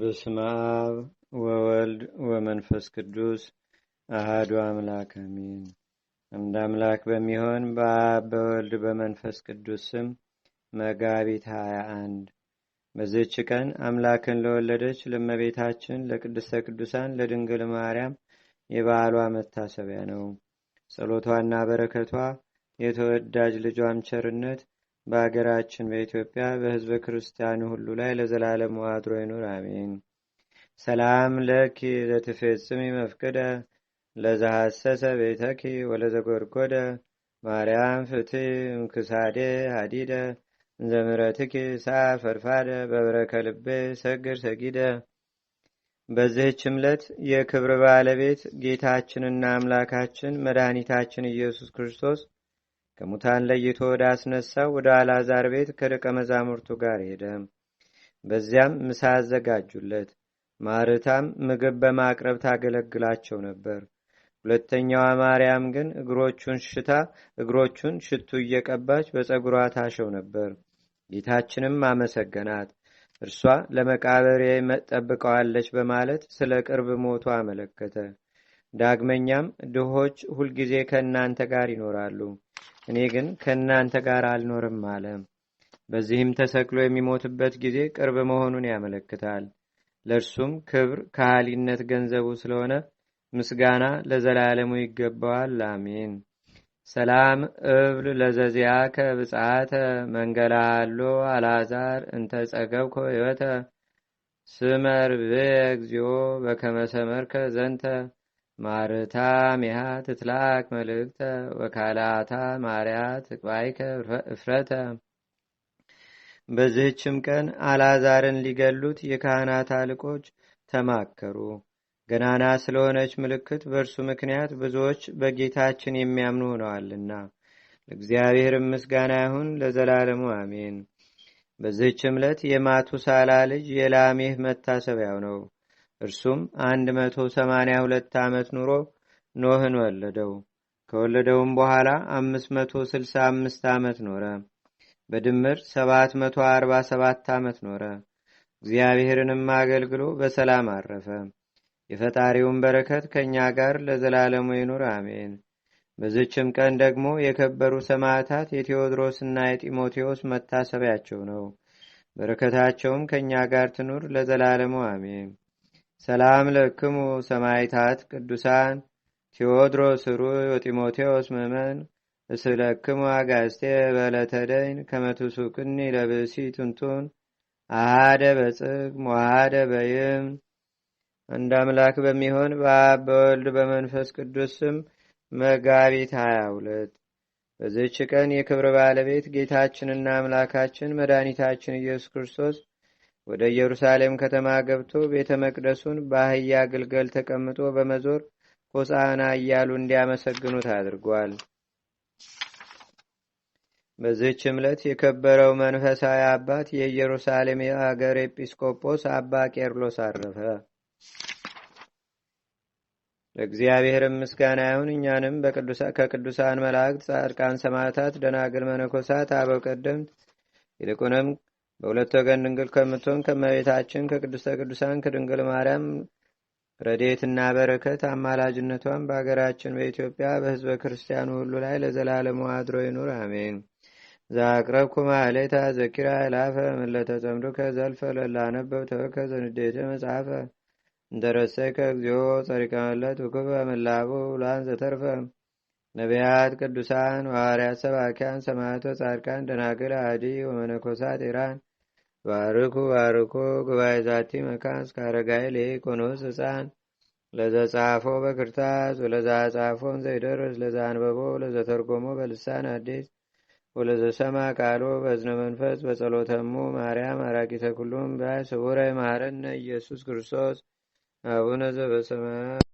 በስመ አብ ወወልድ ወመንፈስ ቅዱስ አህዱ አምላክ አሜን። እንደ አምላክ በሚሆን በአብ በወልድ በመንፈስ ቅዱስ ስም መጋቢት 21 በዚች ቀን አምላክን ለወለደች ለመቤታችን ለቅድስተ ቅዱሳን ለድንግል ማርያም የበዓሏ መታሰቢያ ነው። ጸሎቷና በረከቷ የተወዳጅ ልጇም ቸርነት በሀገራችን በኢትዮጵያ በህዝበ ክርስቲያኑ ሁሉ ላይ ለዘላለም ዋድሮ ይኑር፣ አሜን። ሰላም ለኪ ዘትፌጽሚ መፍቅደ ለዘሐሰሰ ቤተኪ ወለዘጎርጎደ ማርያም ፍት እምክሳዴ ሃዲደ ዘምረትኪ ሳ ፈርፋደ በብረከ ልቤ ሰግር ሰጊደ። በዚህች ዕለት የክብር ባለቤት ጌታችንና አምላካችን መድኃኒታችን ኢየሱስ ክርስቶስ ከሙታን ለይቶ ወደ አስነሳው ወደ አልዓዛር ቤት ከደቀ መዛሙርቱ ጋር ሄደ። በዚያም ምሳ አዘጋጁለት። ማርታም ምግብ በማቅረብ ታገለግላቸው ነበር። ሁለተኛዋ ማርያም ግን እግሮቹን ሽታ እግሮቹን ሽቱ እየቀባች በፀጉሯ ታሸው ነበር። ጌታችንም አመሰገናት። እርሷ ለመቃበሬ ጠብቀዋለች በማለት ስለ ቅርብ ሞቱ አመለከተ። ዳግመኛም ድሆች ሁልጊዜ ከእናንተ ጋር ይኖራሉ፣ እኔ ግን ከእናንተ ጋር አልኖርም አለ። በዚህም ተሰቅሎ የሚሞትበት ጊዜ ቅርብ መሆኑን ያመለክታል። ለእርሱም ክብር ከሃሊነት ገንዘቡ ስለሆነ ምስጋና ለዘላለሙ ይገባዋል። አሚን ሰላም እብል ለዘዚያ ከብጻተ መንገላሎ አላዛር እንተ ጸገብኮ ስመር ብየ እግዚኦ በከመሰመርከ ዘንተ ማርታ ሚሃ ትትላክ መልእክተ ወካላታ ማርያ ትቅባይከ እፍረተ በዚህችም ቀን አላዛርን ሊገሉት የካህናት አልቆች ተማከሩ ገናና ስለሆነች ምልክት በእርሱ ምክንያት ብዙዎች በጌታችን የሚያምኑ ሆነዋልና ለእግዚአብሔር ምስጋና ይሁን ለዘላለሙ አሜን በዚህች ዕለት የማቱሳላ ልጅ የላሜህ መታሰቢያው ነው እርሱም አንድ መቶ ሰማኒያ ሁለት ዓመት ኑሮ ኖህን ወለደው። ከወለደውም በኋላ አምስት መቶ ስልሳ አምስት ዓመት ኖረ። በድምር ሰባት መቶ አርባ ሰባት ዓመት ኖረ። እግዚአብሔርንም አገልግሎ በሰላም አረፈ። የፈጣሪውን በረከት ከእኛ ጋር ለዘላለሙ ይኑር አሜን። በዝችም ቀን ደግሞ የከበሩ ሰማዕታት የቴዎድሮስና የጢሞቴዎስ መታሰቢያቸው ነው። በረከታቸውም ከእኛ ጋር ትኑር ለዘላለሙ አሜን። ሰላም ለክሙ ሰማይታት ቅዱሳን ቴዎድሮስ ሩ ወጢሞቴዎስ መመን እስለክሙ አጋስቴ በለተደይን ከመትሱቅኒ ለብእሲ ትንቱን አሃደ በጽግም ሞሃደ በይም እንደ አምላክ በሚሆን በአብ በወልድ በመንፈስ ቅዱስ ስም መጋቢት 22 በዝች ቀን የክብር ባለቤት ጌታችንና አምላካችን መድኃኒታችን ኢየሱስ ክርስቶስ ወደ ኢየሩሳሌም ከተማ ገብቶ ቤተ መቅደሱን በአህያ ግልገል ተቀምጦ በመዞር ሆሳና እያሉ እንዲያመሰግኑት አድርጓል። በዚህች ዕለት የከበረው መንፈሳዊ አባት የኢየሩሳሌም የአገር ኤጲስቆጶስ አባ ቄርሎስ አረፈ። ለእግዚአብሔር ምስጋና ይሁን። እኛንም ከቅዱሳን መላእክት፣ ጻድቃን፣ ሰማዕታት፣ ደናግል፣ መነኮሳት፣ አበው ቀደምት ይልቁንም በሁለት ወገን ድንግል ከምትሆን ከመቤታችን ከቅዱሰ ቅዱሳን ከድንግል ማርያም ረድኤትና በረከት አማላጅነቷን በሀገራችን በኢትዮጵያ በህዝበ ክርስቲያኑ ሁሉ ላይ ለዘላለሙ አድሮ ይኑር፣ አሜን። ዛቅረብኩ ማሕሌታ ዘኪራ ላፈ ይላፈ ምለተጸምዱ ከዘልፈ ለላነበብ ተወከ ዘንዴተ መጽሐፈ እንደረሰይ ከእግዚኦ ጸሪቀመለት ውክበ መላቡ ላን ዘተርፈ ነቢያት፣ ቅዱሳን፣ ሐዋርያት፣ ሰባኪያን፣ ሰማቶ ጻድቃን፣ ደናግል፣ አዲ ወመነኮሳት ኢራን ባርኩ ባርኩ ጉባኤ ዛቲ መካን እስከ አረጋይ ህፃን ለዘጻፎ በክርታስ ወለዛ ዘይደርስ ለዛ ለዘተርጎሞ በልሳን አዲስ ወለዘሰማ ቃሎ በዝነ መንፈስ በጸሎተሙ ማርያም አራቂተ ኩሉም ባይ ስቡረ ማረነ ኢየሱስ ክርስቶስ አቡነ ዘበሰማያት